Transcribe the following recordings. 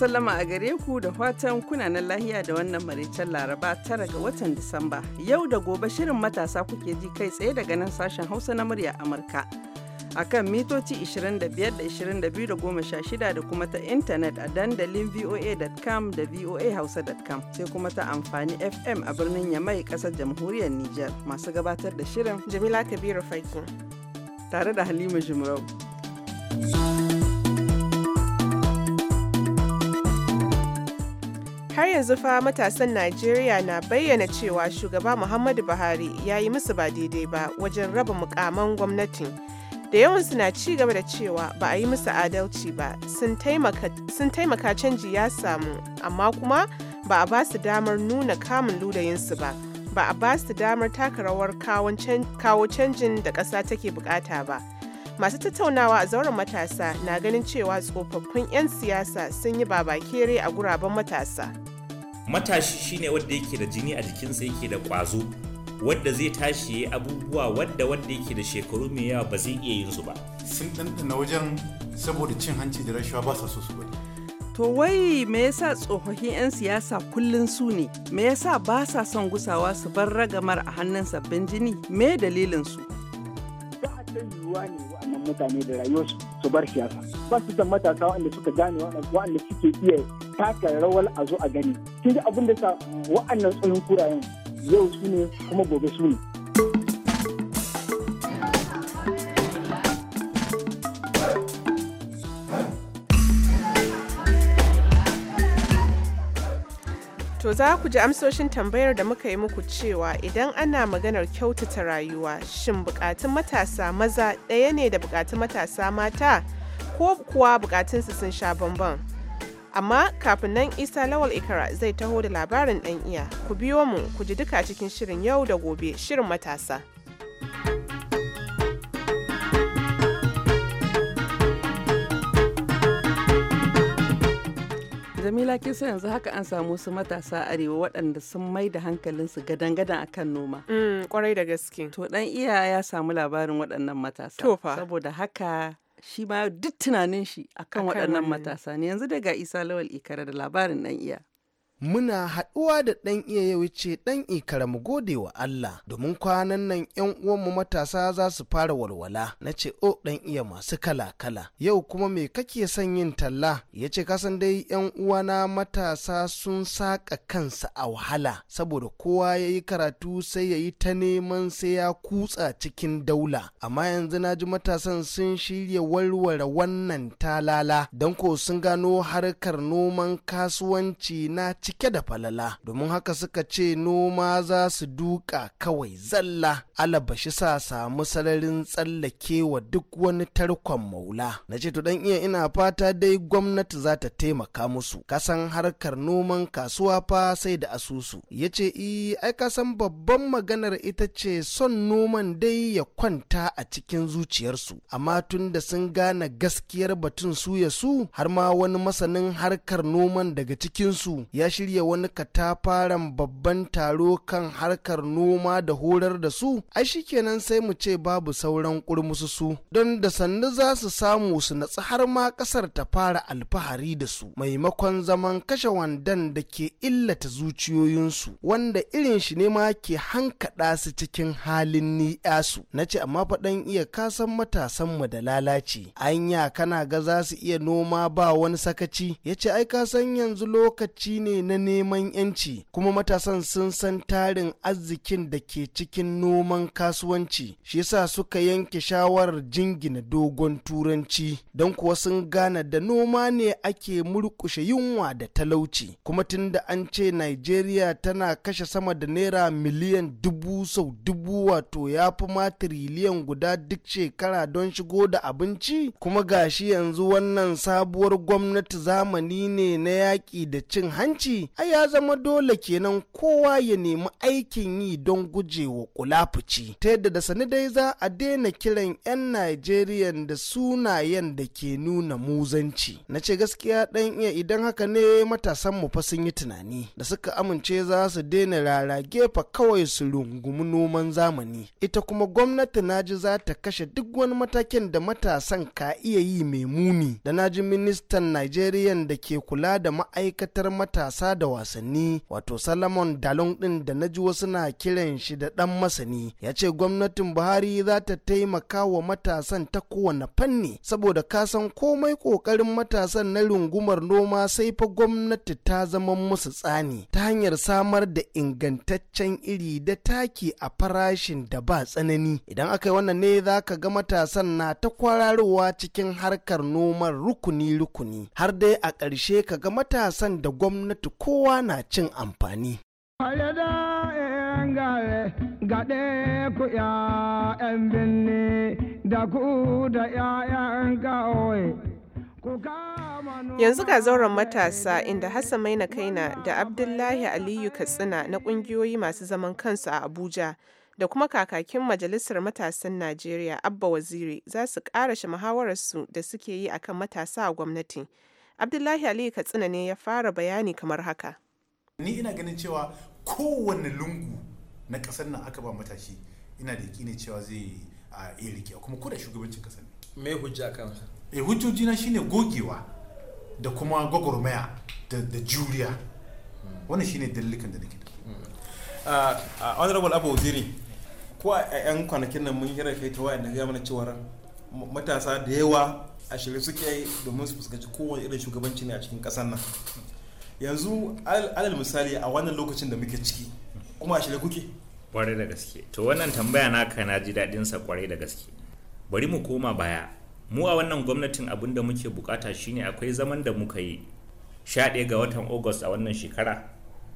sallama a gare ku da fatan nan lahiya da wannan maraicen laraba tara ga watan Disamba. Yau da gobe shirin matasa kuke ji kai tsaye daga nan sashen Hausa na murya Amurka. A kan mitoci 25 da 22 da da kuma ta intanet a dandalin voa.com da voahausa.com sai kuma ta amfani FM a birnin Yamai kasar jamhuriyar Nijar masu gabatar da shirin Jamila Kabiru Faiki tare da Halima Jumrau. har yanzu fa matasan Najeriya na bayyana cewa shugaba Muhammadu Buhari ya yi musu ba daidai ba wajen raba mukaman gwamnati Da yawansu na ci gaba da cewa ba a yi musu adalci ba, sun taimaka canji ya samu, amma kuma ba a ba su damar nuna kamun ludayinsu ba, ba a ba su damar taka rawar kawo canjin da ƙasa take bukata ba. masu tattaunawa a zauren matasa na ganin cewa tsofaffin 'yan siyasa sun yi babakere a guraben matasa matashi shine wanda yake da jini a jikinsa yake da kwazo wadda zai tashi ya abubuwa wadda wadda yake da shekaru mai yawa ba zai iya yin su ba sun ɗanɗana wajen saboda cin hanci da rashawa ba sa so su bari To wai me yasa tsofaffin 'yan siyasa kullun su ne? Me yasa ba sa son gusawa su bar ragamar a hannun sabbin jini? Me dalilin su? Ba a yiwuwa ne mutane da rayuwarsu su bar siyasa ba su san matasa waɗanda suka gane waɗanda suke iya taka rawar a zo a gani kin ji abin da sa waɗannan tsohon kurayen yau su ne kuma gobe su ne To za ku ji amsoshin tambayar da muka yi muku cewa idan ana maganar kyautata rayuwa shin bukatun matasa maza ɗaya ne da bukatun matasa mata ko kuwa bukatunsu sun sha bamban. Amma kafin nan Isa Lawal Ikara zai taho da labarin ɗan iya ku biyo mu ku ji duka cikin shirin yau da gobe shirin matasa. Jamila kin san yanzu haka an samu su matasa arewa waɗanda sun mai da hankalinsu gadan-gadan akan noma. kwarai mm, da gaske. To ɗan iya ya samu labarin waɗannan matasa. Saboda haka shi ma duk tunanin shi akan waɗannan matasa ne yanzu daga Isa Lawal Ikara da labarin ɗan iya. muna haɗuwa da ɗan iya ya wuce ɗan ikara mu gode wa Allah domin kwanan nan ƴan uwanmu matasa za su fara walwala na ce o ɗan iya masu kala kala yau kuma me kake son yin talla ya ce kasan dai 'yan uwana matasa sun saƙa kansa a wahala saboda kowa ya yi karatu sai ya yi ta neman sai ya kutsa cikin daula amma yanzu na ji matasan sun shirya warware wannan talala don ko sun gano harkar noman kasuwanci na cike da falala domin haka suka ce noma za su duka kawai zalla shi sa samu sararin tsallake wa duk wani tarkon maula na ce to dan iya ina fata dai gwamnati za ta taimaka musu kasan harkar noman kasuwa fa sai da asusu ya ce e, ai kasan babban maganar ita ce son noman dai ya kwanta a cikin zuciyarsu amma tun da sun gane gaskiyar batun su ya su har ma wani masanin harkar noman daga cikinsu ya shirya wani katafaren babban taro kan harkar noma da horar da su ai kenan sai mu ce babu sauran kurmusu su. don da sannu za su samu su natsu har ma kasar ta fara alfahari da su maimakon zaman kashe wandan da ke illata zuciyoyinsu wanda irin shi ne ma ke hankaɗa su cikin halin ni'yasu na ce amma faɗan iya kasan matasanmu da lalaci anya kana ga za su iya noma ba wani sakaci ya ce ai kasan yanzu lokaci ne na neman yanci kuma matasan sun san tarin arzikin da ke cikin noman kasuwanci shi yasa suka yanke shawarar jingina dogon turanci don kuwa sun gane da noma ne ake murkushe yunwa da talauci kuma tun da an ce nigeria tana kashe sama da naira miliyan dubu sau dubu wato ya fi ma tiriliyan guda duk shekara don shigo da abinci kuma gashi yanzu wannan sabuwar gwamnati zamani ne na yaƙi da cin hanci A ai ya zama dole kenan kowa ya nemi aikin yi don gujewa kulafuci ta yadda da sani dai za a daina kiran 'yan najeriya da sunayen da ke nuna muzanci na ce gaskiya dan iya idan haka ne matasan mu fa sun yi tunani da suka amince za su daina rara gefa kawai su rungumi noman zamani ita kuma gwamnati naji za ta kashe duk wani matakin da matasan ka iya yi mai muni da naji ministan najeriya da ke kula da ma'aikatar matasa wasa da wasanni wato Salomon Dalon din da na ji wasu na kiran shi da dan masani ya ce gwamnatin Buhari za ta taimaka wa matasan ta kowane fanni saboda kasan komai ƙoƙarin matasan na rungumar noma sai fa gwamnati ta zama musu tsani ta hanyar samar da ingantaccen iri da taki a farashin da ba tsanani idan aka yi wannan ne za ka ga matasan na ta kwararowa cikin harkar noman rukuni-rukuni har dai a ƙarshe ka ga matasan da gwamnati yanzu kowa na cin amfani. Yanzu ga zauren matasa inda Hassan Maina Kaina da Abdullahi Aliyu Katsina na ƙungiyoyi masu zaman kansu a Abuja da kuma kakakin Majalisar Matasan Najeriya Abba Waziri za su ƙarashe muhawararsu da suke yi akan matasa a gwamnati. Abdullahi Ali Katsina ne ya fara bayani kamar haka. Ni ina ganin cewa kowane lungu na ƙasar nan aka ba matashi ina da yakinin cewa zai iya rike kuma kuda da shugabancin ƙasar ne. Me hujja kan? Eh hujjojina shine gogewa da kuma gwagwarmaya da juriya. Wannan shine dalilikan da nake da. Hmm. Uh, uh, Honorable Abu ziri ko a 'yan kwanakin nan mun hira kai ta waya da gaya mana cewa matasa da yawa a shirye suke domin su fuskanci kowane irin shugabanci ne a cikin ƙasar nan yanzu alal misali a wannan lokacin da muke ciki kuma a shirye kuke kwarai da gaske to wannan tambaya naka na ji daɗin sa kwarai da gaske bari mu koma baya mu a wannan gwamnatin abin da muke bukata shine akwai zaman da muka yi sha ɗaya ga watan august a wannan shekara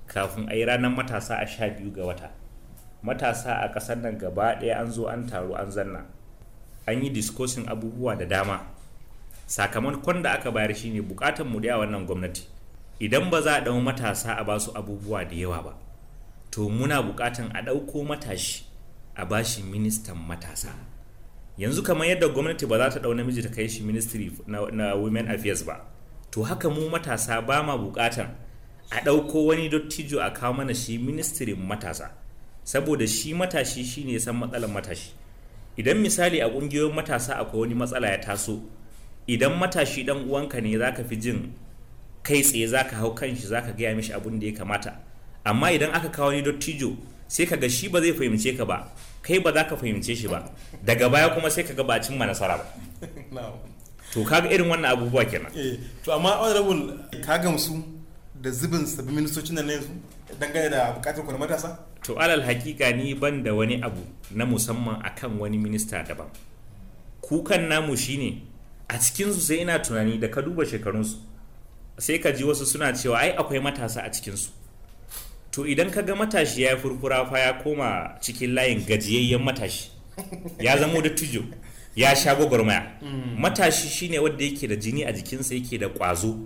kafin a yi ranar matasa a sha biyu ga wata matasa a ƙasar nan gaba ɗaya an zo an taru an zanna an yi diskosin abubuwa da dama sakamakon da aka bayar shi ne bukatan mu da wannan gwamnati idan ba za a dau matasa a basu abubuwa da yawa ba to muna bukatan a dauko matashi a bashi ministan matasa yanzu kamar yadda gwamnati ba za ta dau namiji ta kai shi ministry na, na women affairs ba to haka mu matasa ba ma bukatan a ɗauko wani dottijo a kawo mana shi ministirin matasa saboda shi matashi shine san matsalar matashi idan misali a ƙungiyoyin matasa akwai wani matsala ya taso idan matashi dan uwanka ne zaka fi jin kai tsaye zaka hau kanshi zaka gaya mishi abun da ya kamata amma idan aka kawo ni dottijo sai ka ga shi ba zai fahimce ka ba kai ba za ka fahimce shi ba daga baya kuma sai ka ga ba cimma nasara ba to kaga irin wannan abubuwa kenan eh, to amma honorable ka gamsu da zubin sabbin ministocin nan yanzu dangane da bukatar ku na matasa to alal hakika ni ban da wani abu na musamman akan wani minista daban kukan namu shine a cikinsu sai ina tunani da ka duba shekarunsu sai ka ji wasu suna cewa ai akwai matasa a cikinsu to idan ka ga matashi ya furfura fa ya koma cikin layin gajiyayyen matashi ya zamo da tujo ya sha gwagwarmaya mm. matashi shine wadda yake da jini a jikinsa yake da kwazo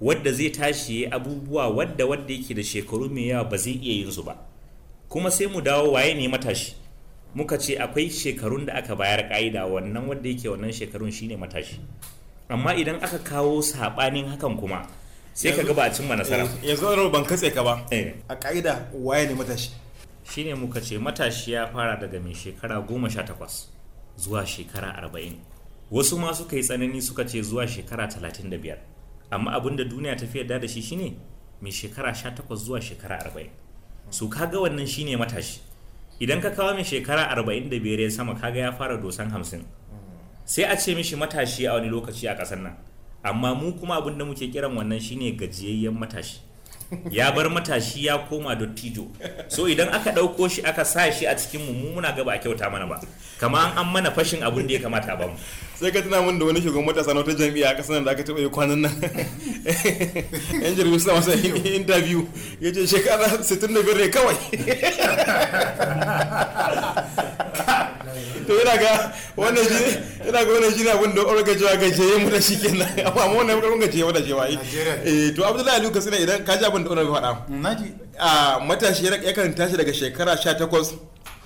wadda zai tashi ya abubuwa wadda wadda yake da shekaru mai yawa ba zai iya yin su ba kuma sai mu dawo waye ne matashi muka ce akwai shekarun da aka bayar ka'ida wannan wanda yake wannan shekarun shine matashi amma idan aka kawo sabanin hakan kuma sai ka ga a cimma nasara eh, yanzu zan ban katse ka ba eh. a ka'ida waye ne matashi shine muka ce matashi ya fara daga mai shekara goma sha takwas zuwa shekara arba'in wasu ma suka yi tsanani suka ce zuwa shekara talatin da biyar amma abin da duniya ta fi yarda da shi shine mai shekara sha takwas zuwa shekara arba'in su kaga wannan shine matashi idan ka kawo mai shekara 45 ya sama kaga ya fara dosan hamsin sai a ce mishi matashi a wani lokaci a ƙasar nan amma mu kuma abin da muke kiran wannan shine gajiyayyen matashi ya bar matashi ya koma dottijo so idan aka ɗauko shi aka sa shi a cikin mu muna gaba a kyauta mana ba kama an mana fashin abin da ya kamata a bamu sai ka tuna mun da wani shugaban matasa na wata jami'a a kasar da aka taɓa yi kwanan nan yan jirgin suna masa interview ya ce shekara 65 ne kawai to yana ga wannan shi yana ga wannan shi ne abin da orga cewa ga je mu da shi kenan amma wannan orga ga je mu da shi yi eh, to Abdullahi Luka sune idan ka ji abin da orga faɗa a matashi yakan tashi daga shekara sha takwas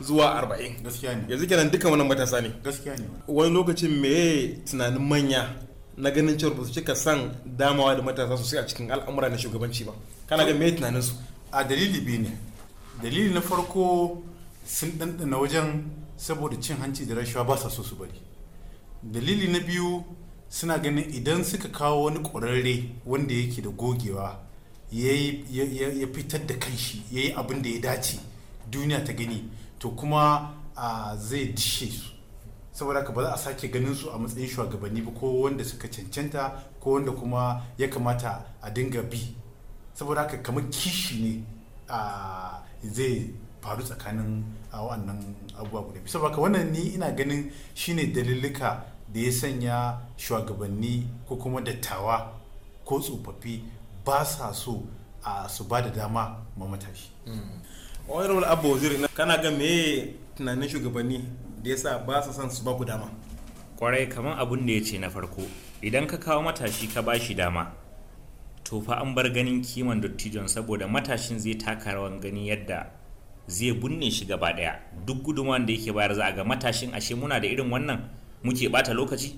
zuwa arba'in. gaskiya ne yanzu kenan dukkan wannan matasa ne gaskiya ne wani lokacin me tunanin manya na ganin cewa ba su cika san damawa da matasa sosai a cikin al'amura na shugabanci ba kana ga me tunanin su a dalili biyu ne dalili na farko sun ɗanɗana wajen saboda cin hanci da rashawa ba sa so su bari dalili na biyu suna ganin idan suka kawo wani ƙwararre wanda yake da gogewa ya fitar da kanshi ya yi abin da ya dace duniya ta gani to kuma zai dishe su saboda ka ba za a sake ganin su a matsayin shugabanni ba ko wanda suka cancanta ko wanda kuma ya kamata a dinga bi saboda haka kamar kishi ne zai faru tsakanin a wannan abubuwa guda bisa baka wannan ni ina ganin shine dalilika da ya sanya shugabanni ko kuma dattawa ko tsofaffi ba sa so a su ba da dama ma matashi wani mm. abu waziri kana ga me tunanin shugabanni da ya sa ba sa son su ba ku dama kwarai kamar abun da ya ce na farko idan ka kawo matashi ka ba shi dama to fa an bar ganin kiman dottijon saboda matashin zai taka rawan gani yadda zai binne shi gaba daya duk gudunmawar da yake bayar za a ga matashin ashe muna da irin wannan muke bata lokaci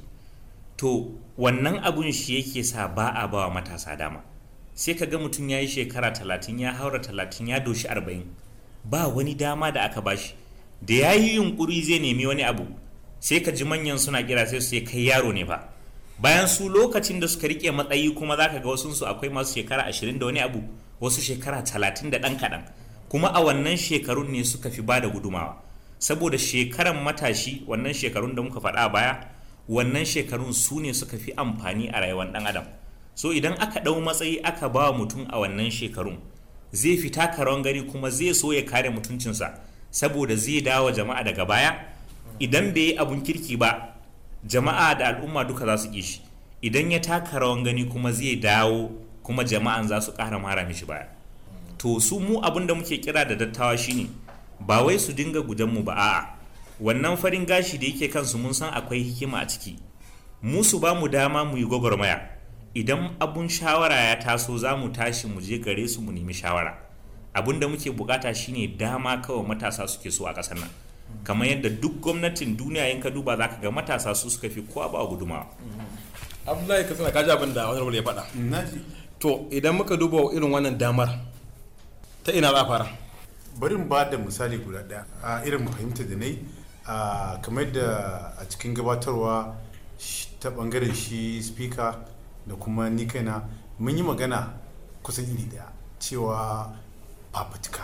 to wannan abun shi yake sa ba a bawa matasa dama sai ka ga mutum ya yi shekara talatin ya haura talatin ya doshi arba'in ba wani dama da aka bashi da ya yi yunkuri zai nemi wani abu sai ka ji manyan suna kira sai su kai yaro ne ba bayan su lokacin da suka rike matsayi kuma za ka ga wasu su akwai masu shekara ashirin da wani abu wasu shekara talatin da ɗan kaɗan kuma a wannan shekarun ne suka fi ba da gudumawa saboda shekaran matashi wannan shekarun da muka faɗa baya wannan shekarun su ne suka fi amfani a rayuwar ɗan adam so idan aka ɗau matsayi aka ba mutum a wannan shekarun zai fita karon gari kuma zai so ya kare mutuncinsa saboda zai dawo jama'a daga baya idan bai yi abun kirki ba jama'a da al'umma duka za su ƙi shi idan ya taka rawan gani kuma zai dawo kuma jama'an za su ƙara mara mishi baya to su mu abin da muke kira da dattawa shine ba wai su dinga gudanmu ba a'a wannan farin gashi da yake kansu mun san akwai hikima a ciki mu su ba mu dama mu yi gwagwarmaya idan abun shawara ya taso za mu tashi mu je gare su mu nemi shawara abun da muke bukata shine dama kawai matasa suke so a kasar nan kamar yadda duk gwamnatin duniya yanka duba za ka ga matasa su suka fi kowa ba gudumawa abdullahi ka suna kaji abin da wani ya faɗa to idan muka duba irin wannan damar ta ina za fara bari ba da misali guda ɗaya a irin fahimta da na a kamar da a cikin gabatarwa ta bangaren shi speaker da kuma ni kaina mun yi magana kusan iri daya cewa fafutuka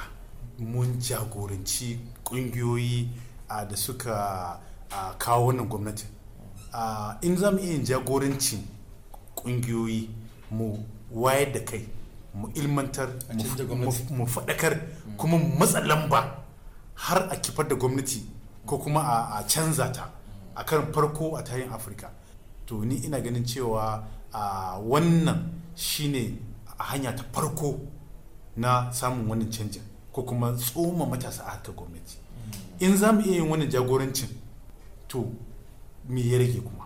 mun jagoranci kungiyoyi da suka kawo wannan gwamnatin in za mu iya jagorancin kungiyoyi mu wayar da kai mu ilmantar mu faɗakar kuma matsa lamba har a kifar da gwamnati ko kuma a canza ta a kan farko a tarihin afirka to ni ina ganin cewa a wannan shine a hanya ta farko na samun wannan canjin ko kuma tsoma matasa a harkar gwamnati in za mu iya yin wannan jagorancin to me ya rage kuma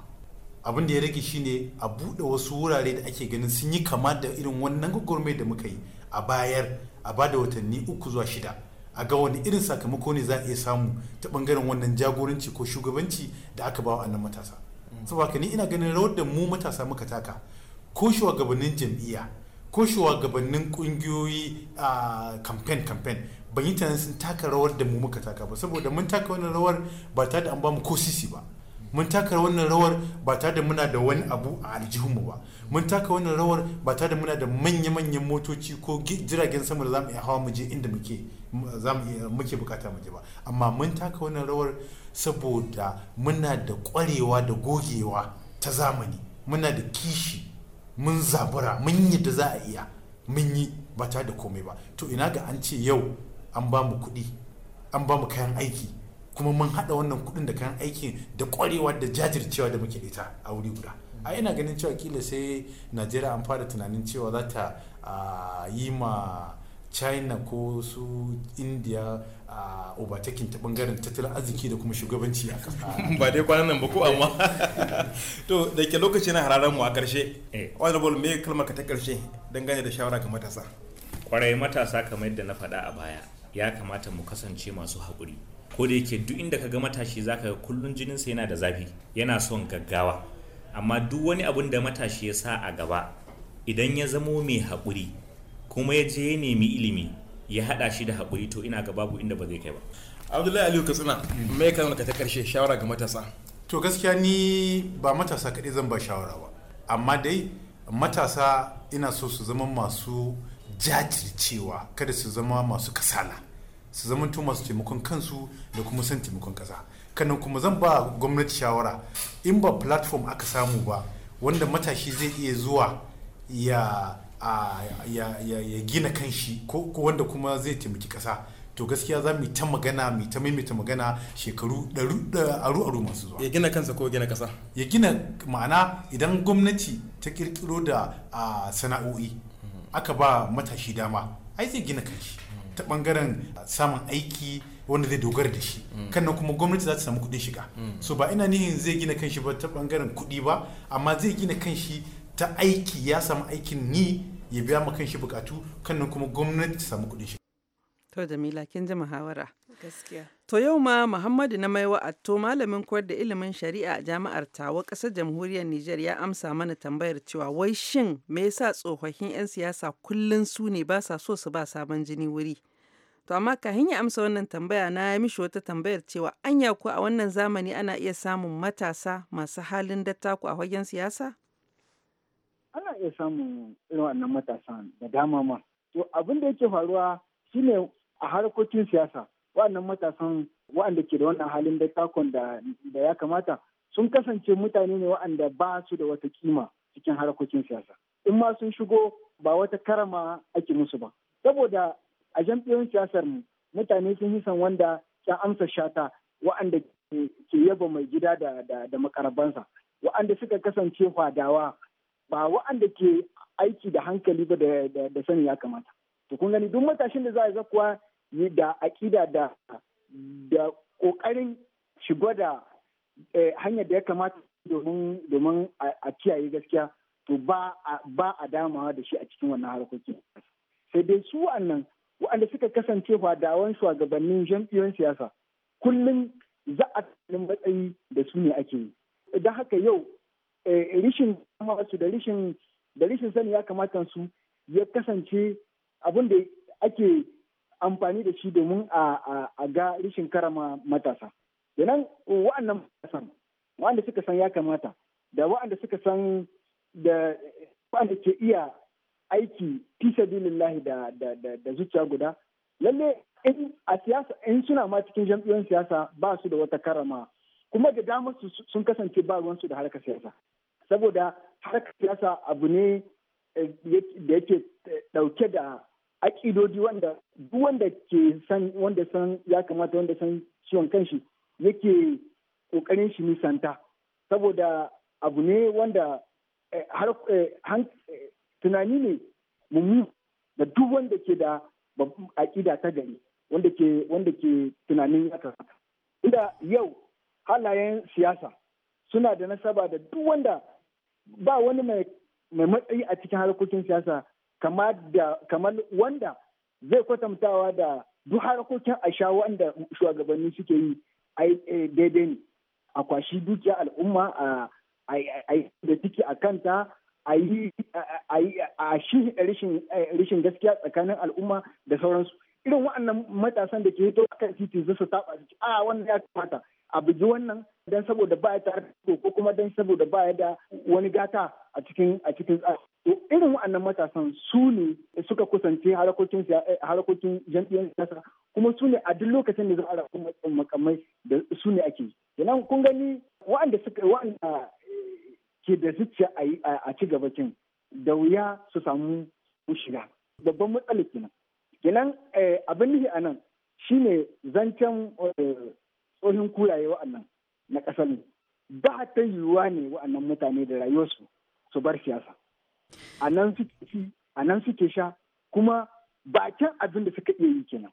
abin da ya rage shine a buɗe wasu wurare da ake ganin sun yi kama da irin wannan gwagwarmai da muka yi a bayar a bada watanni uku zuwa shida a ga wani irin sakamako ne za a iya samu ta bangaren wannan jagoranci ko shugabanci da aka ba wa annan matasa saboda ni ina ganin rawar da mu matasa muka taka ko shugabannin jam'iyya ko shugabannin kungiyoyi a campaign campaign ban yi tunanin sun taka rawar da mu muka taka ba saboda mun taka wannan rawar ba tare da an ba mu ko sisi ba mun taka wannan rawar ba tare da muna da wani abu a aljihunmu ba mun taka wannan rawar ba tare da muna da manya-manyan motoci ko jiragen sama da za mu iya hawa mu je inda muke muke bukata mu je ba amma mun taka wannan rawar saboda muna da kwarewa da gogewa ta zamani muna da kishi mun zabura mun yi da za a iya mun yi ba tare da komai ba to ina ga an ce yau an ba mu kuɗi an ba mu kayan aiki kuma mun haɗa wannan kuɗin da kayan aiki da ƙwarewa da jajircewa da muke ita a wuri guda a ina ganin cewa kila sai najeriya an fara tunanin cewa za ta yi ma china ko su india a obatakin ta bangaren tattalin arziki da kuma shugabanci a ba dai kwanan nan ba ko amma to da ke lokaci na hararen mu a karshe eh. honorable me kalmar ka ta karshe dangane da shawara ga matasa kwarai matasa kamar yadda na faɗa a baya ya kamata mu kasance masu haƙuri ko da yake duk inda ka ga matashi zaka ga kullun jininsa yana da zafi yana son gaggawa amma duk wani abun da matashi ya sa a gaba idan ya zamo mai haƙuri kuma ya je ya nemi ilimi ya haɗa shi da haƙuri to ina ga babu inda ba zai kai ba abdullahi aliyu katsina me ka ka ta karshe shawara ga matasa to gaskiya ni ba matasa kaɗai zan ba shawara ba amma dai matasa ina so su zama masu jajircewa kada su zama masu kasala su zamanto masu taimakon kansu da kuma san taimakon ƙasa kannan kuma zan ba gwamnati shawara in ba platform aka samu ba wanda matashi zai iya zuwa ya ya gina kanshi ko wanda kuma zai taimaki ƙasa to gaskiya za mu ta magana mu ta maimaita magana shekaru aru aru masu zuwa ya gina kansa ko gina kasa ya gina ma'ana idan gwamnati ta kirkiro da sana'o'i aka ba matashi dama ai zai gina kanshi ta bangaren samun aiki wanda zai dogara da shi mm. kan nan kuma gwamnati za ta samu kuɗin shiga mm. so ba ina nihin zai gina kanshi ba ta bangaren kuɗi ba amma zai gina kanshi ta aiki ya samu aikin ni ya biya ma kanshi bukatu kan nan kuma gwamnati ta samu kuɗin shiga To Jamila kin ji muhawara. Gaskiya. To yau ma Muhammadu na maiwa atto malamin koyar da ilimin shari'a a jami'ar Tawa ƙasar jamhuriyar Nijar ya amsa mana tambayar cewa wai shin me yasa tsofaffin 'yan siyasa kullum su ne ba sa so su ba sabon jini wuri? To amma kahin ya amsa wannan tambaya na ya mishi wata tambayar cewa anya ko a wannan zamani ana iya samun matasa masu halin taku a wajen siyasa? Ana iya samun irin wannan matasa da dama ma. To abin da yake faruwa shine a harkokin siyasa wa'annan matasan wa'anda ke da wannan halin dattakon da ya kamata sun kasance mutane ne wa'anda ba su da wata kima cikin harkokin siyasa. In ma sun shigo ba wata karama ake musu ba. Saboda a jam'iyyar siyasar mu mutane sun yi san wanda ta amsa shata wa'anda ke yaba mai gida da makarabansa wa'anda suka kasance fadawa ba wa'anda ke aiki da hankali ba da sani ya kamata to kun gani duk matashin da za a zakuwa yi da aƙida da da ƙoƙarin shigo da eh, hanyar da ya kamata domin a kiyaye gaskiya to ba a damawa da shi a cikin wannan harkokin sai dai su wannan waɗanda suka kasance fadawan shugabannin jam'iyyar siyasa kullum za a matsayi da su ne ake yi idan haka yau eh, rishin su da rishin da rishin sani ya kamata su ya kasance abin da ake amfani da shi domin a ga rishin karama matasa nan wa'annan matasan wa'anda suka san ya kamata da wa'anda suka san da waɗanda ke iya aiki fi sabilillahi da da da, zuciya guda lalle in a siyasa in suna ma cikin jam'iyyar siyasa ba su da wata karama kuma da damar su sun kasance ba ruwansu da harkar siyasa saboda harkar siyasa abu ne eh, da yake dauke eh, da akidodi wanda duk wanda ke san wanda san ya kamata wanda san ciwon kanshi yake kokarin shi nisanta saboda abu ne wanda eh, tunani ne mummi da duk wanda ke da aƙida ta gari wanda ke wanda ke tunanin ya inda yau halayen siyasa suna da nasaba da duk wanda ba wani mai matsayi a cikin harkokin siyasa kamar wanda zai kwatantawa da duk harkokin asha wanda shugabanni suke yi eh, daidai ne a kwashi dukiya al'umma a da ciki a kanta a yi a rishin gaskiya tsakanin al'umma da sauransu irin waɗannan matasan da ke hito a kan titi su saba su a wannan ya kamata a bugi wannan don saboda ba ya tare ko kuma don saboda ba ya da wani gata a cikin a cikin to irin waɗannan matasan su ne suka kusance harakokin eh, harakokin jam'iyyar siyasa kuma su ne a duk lokacin da za a rabu makamai da su ne ake yi kenan kun gani waɗanda suka waɗanda ke da zuciya a ci gaba kin da wuya su samu shiga babban matsalar kenan kenan eh, abin nihi a nan shine zancen eh, tsohon kuraye wa'annan na ƙasar ba ta yiwuwa ne wa'annan mutane da rayuwarsu su bar siyasa a nan suke ci sha kuma bakin abin da suka iya yi kenan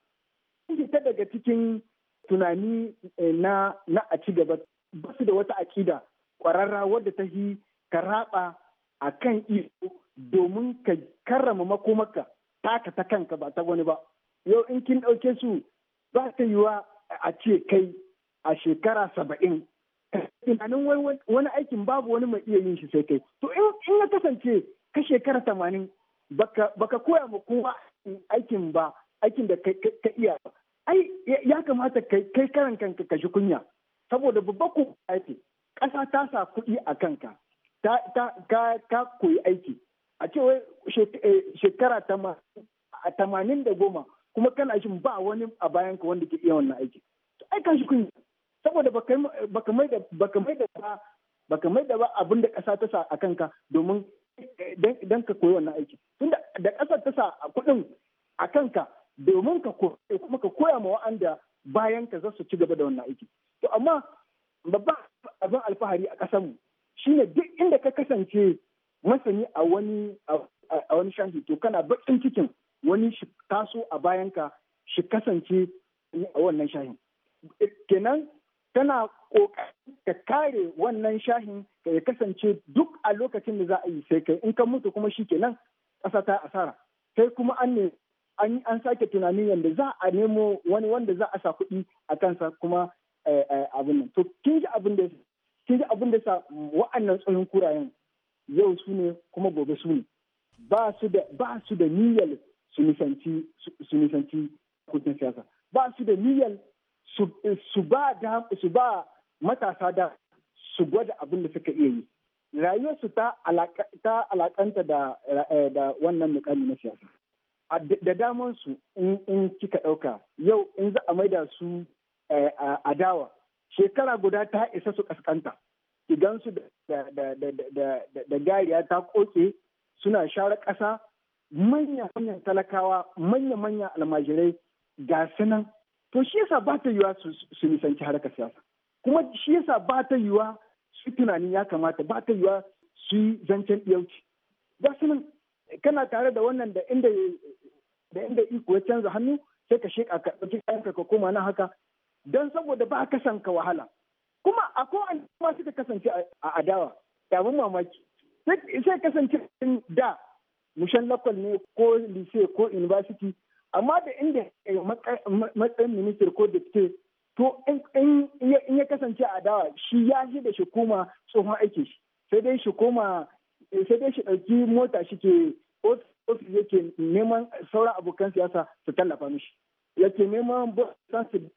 ta daga cikin tunani eh, na a ci gaba ba su da wata aƙida. kwararra wadda ta yi karaba a kan iko domin ka karrama makomaka taka ta kanka ba ta wani ba yau in kin ɗauke su ba ta yi wa a ce kai a shekara saba'in tunanin wani aikin babu wani mai iya yin shi sai kai to in ya kasance ka shekara tamanin baka koya ma kowa aikin ba aikin da ka iya ai ya kamata kai karan kanka ka shi kunya saboda babba ko ƙasa ta sa kuɗi a kanka ka koyi aiki a ce wai eh, shekara tamanin da goma kuma kana shi ba wani a bayan ka wanda ke iya wannan aiki to ai kan shi kun saboda baka mai da baka mai da ba baka mai da ba abin da ƙasa ta sa a kanka domin eh, dan ka koyi wannan aiki tunda da ƙasa ta sa kuɗin a kanka domin ka kuma ka koya ma wa'anda bayan ka za su ci gaba da wannan aiki to amma babba abin alfahari a ƙasarmu shine duk inda ka kasance masani a wani a wani shanti to kana bakin cikin wani shi taso a ka shi kasance a wannan shahin kenan tana kokarin ka kare wannan shahin ka ya kasance duk a lokacin da za a yi sai kai in ka mutu kuma shi kenan ƙasa ta asara sai kuma an ne an sake tunanin yadda za a nemo wani wanda za a sa kuɗi a kansa kuma Eh, eh, abin nan to kin ji abin da da sa wa'annan tsohon kurayen yau su ne kuma gobe su ne ba su da su niyyar su nisanci su siyasa ba su da niyyar su ba da su ba matasa da su gwada abin da suka iya yi rayuwarsu ta alakanta eh, da wannan mukami na siyasa da damansu in kika ɗauka yau in za a maida su Eh, adawa shekara guda ta isa su kaskanta idan su da gariya ta koke suna share kasa manya-manyan talakawa manya-manyan almajirai ga sunan to shi yasa ba ta yiwa su nisanci harkar siyasa kuma shi yasa ba ta yiwa su tunanin ya kamata ba ta yiwa su zancen yauci ga sunan kana tare da wannan da inda da inda iko ya canza hannu sai ka sheka ka ɗauki kayan ka koma na haka don saboda ba ka san ka wahala kuma a kowane kuma suka kasance a adawa yaban mamaki sai kasance da mushan lakwal ne ko lise ko university amma da inda matsayin minister ko dikte to in ya kasance a adawa shi ya shi da shi koma tsohon aiki shi sai dai shi koma sai dai shi ɗauki mota shi ke ofis yake neman sauran abokan siyasa su tallafa mishi yake neman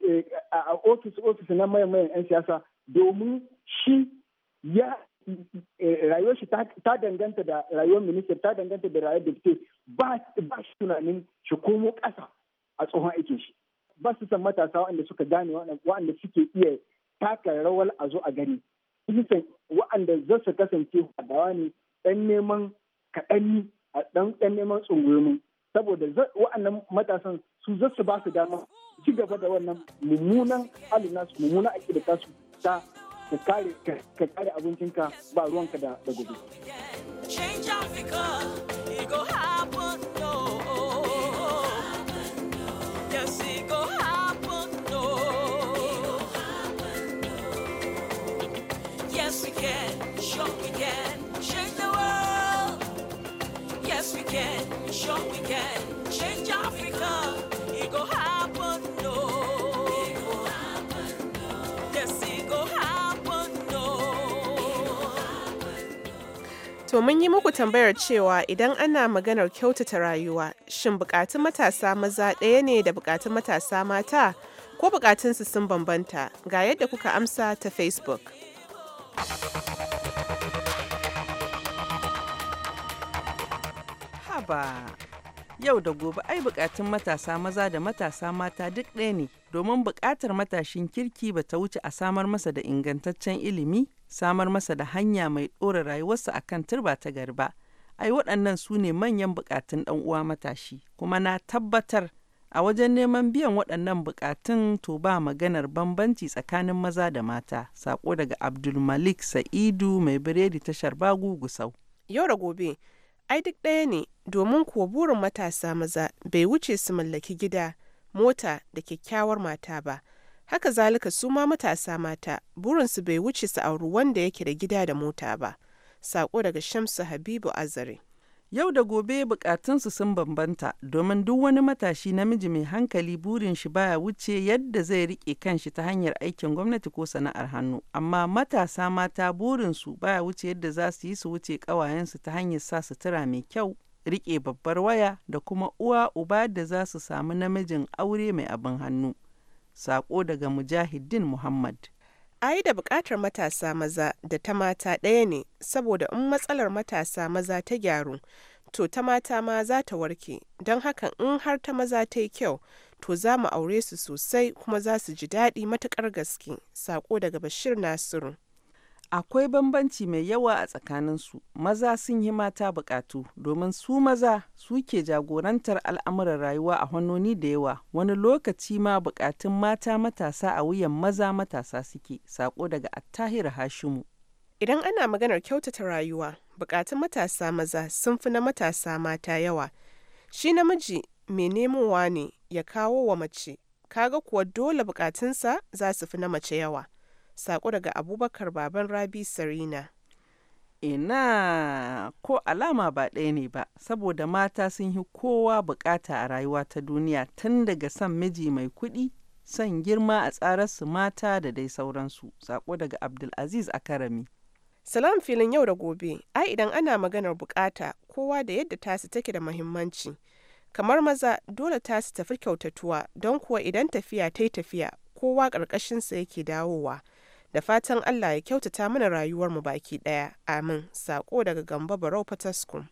eh, a ofis-ofis na mayan 'yan siyasa domin shi ya eh, rayuwar shi ta danganta da rayuwar minista ta danganta da rayuwar deputy ba shi tunanin shi komo ƙasa a tsohon aikin shi ba su san matasa waɗanda suka gane waɗanda suke iya taka rawar a zo a gani waɗanda za su kasance dawa ne ɗan neman kaɗanni a ɗan neman tsungurmin saboda wa'annan matasan su za su ba su dama ci gaba da wannan mummunan halin nasu mummunan da tasu ta ka kare ka kare abincinka ba ruwanka da gobe. Change Africa, it go happen, no. Oh, oh. To mun yi muku tambayar cewa idan ana maganar kyautata rayuwa, shin bukatun matasa maza ɗaya ne da bukatun matasa mata? Ko bukatunsu sun bambanta? Ga yadda kuka amsa ta Facebook. ba. Yau da gobe ai bukatun matasa maza da matasa mata duk ɗaya ne, domin bukatar matashin kirki ba ta wuce a samar masa da ingantaccen ilimi, samar masa da hanya mai ɗora rayuwarsa a kan turba ta garba. Ai waɗannan su ne manyan bukatun ɗan uwa matashi, kuma na tabbatar a wajen neman biyan waɗannan bukatun to ba maganar bambanci tsakanin maza da mata sako daga abdulmalik sa'idu mai biredi tashar bagu gusau yau da gobe ai duk ɗaya ne domin kuwa burin matasa maza bai wuce su mallaki gida mota da kyakkyawar mata ba haka zalika su ma matasa mata burinsu bai wuce su auri wanda yake da gida da mota ba saƙo daga shamsu habibu azare Yau da gobe bukatunsu sun bambanta domin duk wani matashi namiji mai hankali burin shi baya wuce yadda zai rike kanshi ta hanyar aikin gwamnati ko sana'ar hannu. Amma matasa mata burinsu baya wuce yadda za su yi su wuce kawayensu ta hanyar sa sutura mai kyau, rike babbar waya da kuma uwa uba da za su samu namijin aure mai abin hannu. Sako daga Mujahideen Muhammad. A yi da bukatar matasa maza da ta mata ɗaya ne saboda in matsalar matasa maza ta gyaru to ta mata ma za ta warke don hakan in har ta maza ta yi kyau to za mu aure su sosai kuma za su ji daɗi matuƙar gaske sako daga bashir nasiru akwai bambanci mai yawa a tsakanin su maza sun yi mata bukatu domin su maza su ke jagorantar al'amuran rayuwa a hannuni da yawa wani lokaci ma bukatun mata matasa a wuyan maza matasa suke sako daga attahir hashimu idan ana maganar kyautata rayuwa bukatun matasa maza sun fi na matasa mata yawa shi namiji mai nemowa ne ya kawo wa mace kaga kuwa dole bukatunsa za su fi na mace yawa saƙo daga Abubakar Baban Rabi Sarina. Ina ko alama ba ɗaya ne ba, saboda mata sun yi kowa bukata a rayuwa ta duniya tun daga son miji mai kuɗi, son girma a tsararsu mata da dai sauransu. saƙo daga Abdulaziz a karami Salam filin yau da gobe, ai idan ana maganar bukata kowa da yadda tasu take da muhimmanci. Kamar maza dole tasu tafi kyautatuwa don kuwa idan tafiya ta yi tafiya kowa ƙarƙashinsa yake dawowa. da fatan Allah ya kyautata mana rayuwar mu baki ɗaya, amin sako daga gamba barau fataskum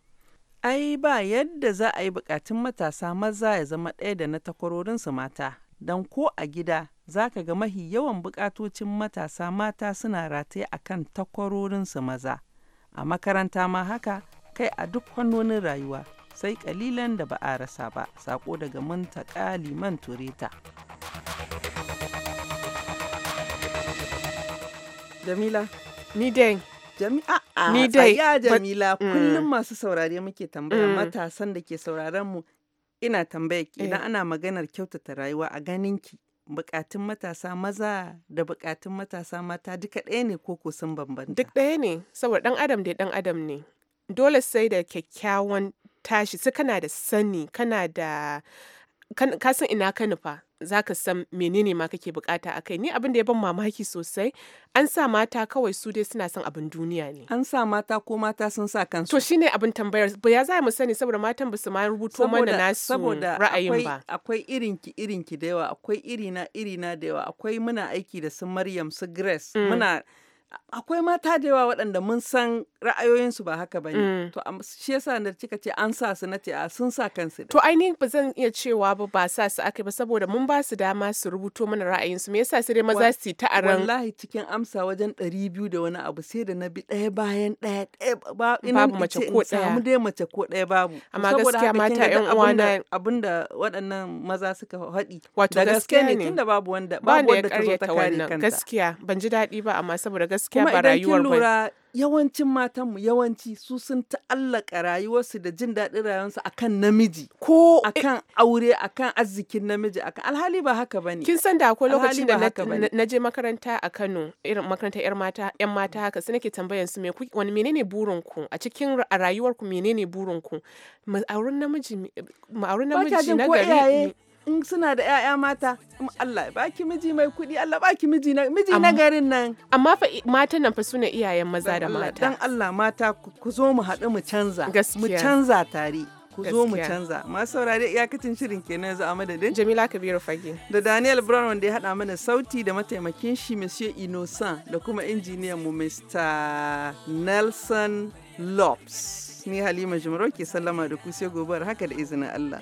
ai ba yadda za a yi bukatun matasa maza ya zama ɗaya da na takwarorinsu mata don ko a gida za ka ga mahi yawan bukatocin matasa mata suna rataye a kan takwarorinsu maza a makaranta ma haka kai a duk fannonin rayuwa sai kalilan da ba a rasa ba sako daga mun liman tureta. Jamila. Ni dai. Jami'a a Jamila mm. kullum masu saurare muke tambaya mm. matasan da ke sauraron mu ina tambaya idan eh. ana maganar kyautata rayuwa a ganin ki bukatun matasa maza da bukatun matasa mata duka ɗaya ne ko ko sun bambanta. Duk ɗaya ne saboda ɗan adam dai ɗan adam ne. Dole sai da kyakkyawan tashi sai kana da sani kana da kasan ina ka nufa zaka san menene ma kake bukata akai ni abin da ya ban mamaki sosai an sa mata kawai su dai suna son abin duniya ne an sa mata ko mata sun sa kansu to shine abin tambayar ba ya za mu sani saboda matan basu ma rubuto mana nasu ra'ayin ba akwai irin ki irin ki da yawa akwai irina irina da yawa akwai muna aiki da su Maryam su Grace mm. muna akwai mata da yawa waɗanda mun san ra'ayoyinsu ba haka ba ne. Mm. To, shi yasa da cika ce an sa su na ce a ah, sun sa kansu da. To, ainihin ba zan iya cewa ba ba sa su aka ba saboda mun ba su dama su rubuto mana ra'ayinsu. Me yasa sai dai maza su yi ta aran. Wallahi cikin amsa wajen ɗari biyu da wani abu sai da na bi ɗaya bayan ɗaya ɗaya ba. Babu mace ko ɗaya. Samu dai mace ko ɗaya babu. Amma gaskiya mata ƴan uwana. Abinda waɗannan maza suka haɗi. Wato gaskiya ne. Da gaskiya ne tunda babu wanda. Babu wanda ta zo ta kare kanta. Gaskiya ban ji daɗi ba amma saboda gaskiya ba rayuwar ba yawancin matanmu yawanci su sun ta'allaka rayuwarsu da jin daɗin rayuwarsu akan namiji ko akan e aure akan arzikin namiji akan alhali ba haka bane kin san da akwai lokacin da na je makaranta a Kano irin makarantar yar mata yan mata haka sai nake tambayan su me wani menene burin ku a cikin rayuwar ku menene burin ku Ma'aurin namiji ma'aurin namiji na gari in suna da 'ya'ya mata Allah baki miji mai kuɗi Allah baki miji na miji na garin nan amma fa mata nan fa suna iyayen maza da mata dan Allah mata ku zo mu haɗu mu canza mu canza tare ku zo mu canza masu saurare iyakacin shirin kenan yanzu a madadin Jamila Kabiru Fage da Daniel Brown wanda ya haɗa mana sauti da mataimakin shi Monsieur Innocent da kuma injiniyan mu Mr Nelson Lopes ni Halima Jumro sallama da ku sai gobe haka da izinin Allah